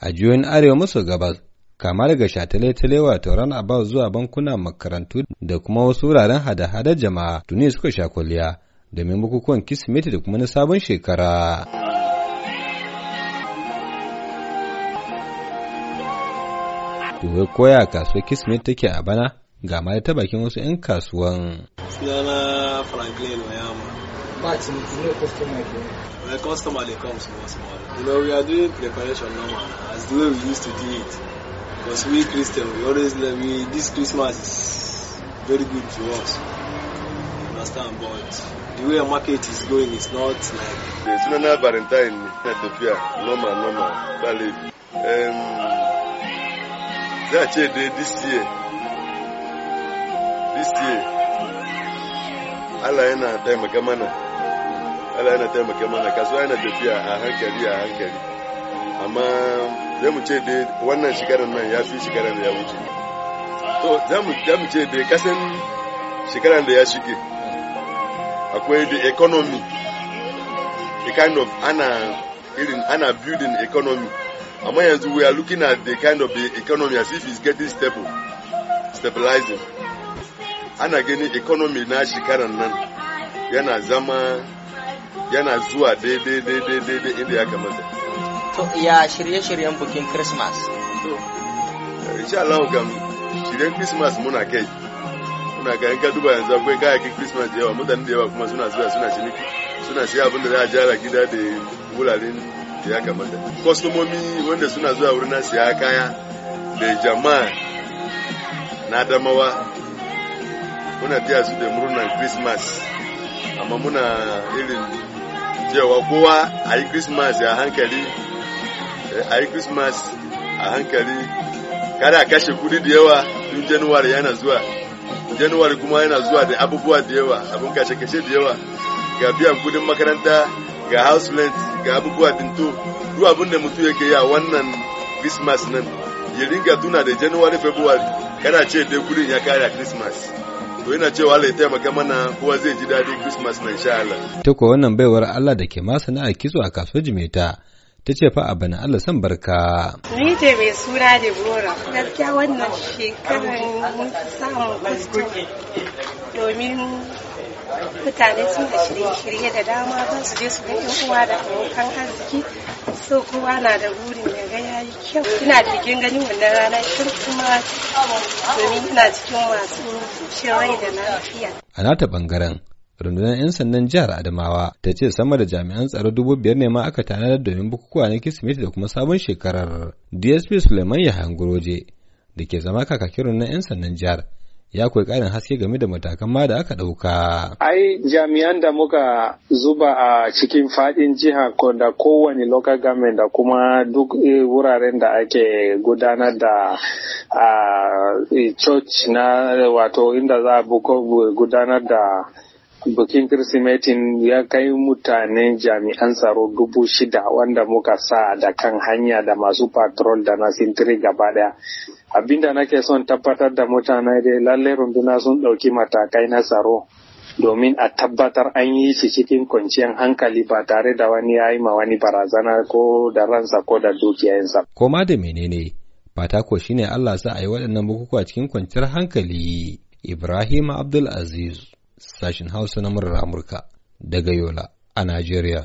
a jiyoyin arewa maso gabas kama daga shatale-tale wato ran abbas zuwa bankunan makarantu da kuma wasu wuraren hada-hadar jama'a tuni suka sha kwalliya domin bukukuwan kismeti da kuma na sabon shekara. Tuwe koya kasuwar kismeti take a bana ga ma ta bakin wasu 'yan kasuwan. parts in it is not custom again. Well, comes small, small. You know, we are doing preparation normal as the way we used to do it. Because we Christian, we always love, this Christmas is very good to us. You understand? But the way our market is going is not like. The not Valentine, fear, normal, normal, valid. Um, that day this year, this year, Allah yana taimaka mana Allah yana taimaka mana kasuwa yana tafiya a hankali a hankali amma zai mu ce dai wannan shekarar nan ya fi shekarar da ya wuce to zai mu ce dai kasan shekarar da ya shige akwai the economy the kind of ana irin ana building economy amma yanzu we are looking at the kind of the economy as if it's getting stable stabilizing ana gani economy na shekaran nan yana zama yana zuwa daidai daidai daidai inda ya kamata to ya shirye-shiryen bukin christmas to insha Allah gam shiryen christmas muna kai muna ga in ka duba yanzu akwai kayakin christmas da yawa mutane da yawa kuma suna zuwa suna ciniki suna siya abin da za a jara gida da wuraren da ya kamata kwastomomi wanda suna zuwa wurin siya kaya da jama'a na damawa muna biya su da murnan christmas amma muna irin cewa kowa a yi christmas a hankali a yi christmas a hankali kada kashe kudi da yawa tun januwari yana zuwa januwari kuma yana zuwa da abubuwa da yawa abin kashe kashe da yawa ga biyan kudin makaranta ga house rent ga abubuwa dinto duk abin da mutum yake yi a wannan christmas nan ya ringa tuna da januwari february kada ce dai kudin ya kara christmas to ina cewa Allah ya taimaka mana kowa zai ji daɗin Christmas na insha Allah. Ta ko wannan baiwar Allah da ke a kitso a kasuwar Jimeta ta ce fa abu na Allah san barka. Ni ce mai suna da gora. Gaskiya wannan shekarar mun samu kusto domin mutane sun da shirye-shirye da dama ba su je su ga uwa da abokan arziki so kowa na da burin ya gaya ana kyau ina da bikin da lafiya a nata bangaren rundunar 'yan sannan jihar Adamawa ta ce sama da jami'an tsaro dubu biyar ne ma aka tanadar domin bukukuwa na Kirsimeti da kuma sabon shekarar. DSP Suleiman Yahangoroje da ke zama kakakin rundunar 'yan sannan jihar ya koyi ƙarin haske game da matakan ma da aka ɗauka. Ai jami'an da muka zuba a cikin faɗin jiha da kowane local government da kuma duk eh, wuraren da ake gudanar da a eh, church na wato inda za a gudanar da bukin kirsimetin ya kai mutanen jami'an tsaro dubu shida wanda muka sa da kan hanya da masu patrol da na sintiri gaba daya abinda nake son tabbatar da mutane da lalle runduna sun ɗauki matakai na tsaro domin a tabbatar an yi shi cikin kwanciyar hankali ba tare da wani ya yi ma wani barazana ko da ransa ko da dukiyansa. Koma da menene fata ko shine Allah sa a yi waɗannan bukukuwa cikin kwanciyar hankali Ibrahim Abdul Aziz sashin Hausa na murar Amurka daga Yola a Najeriya.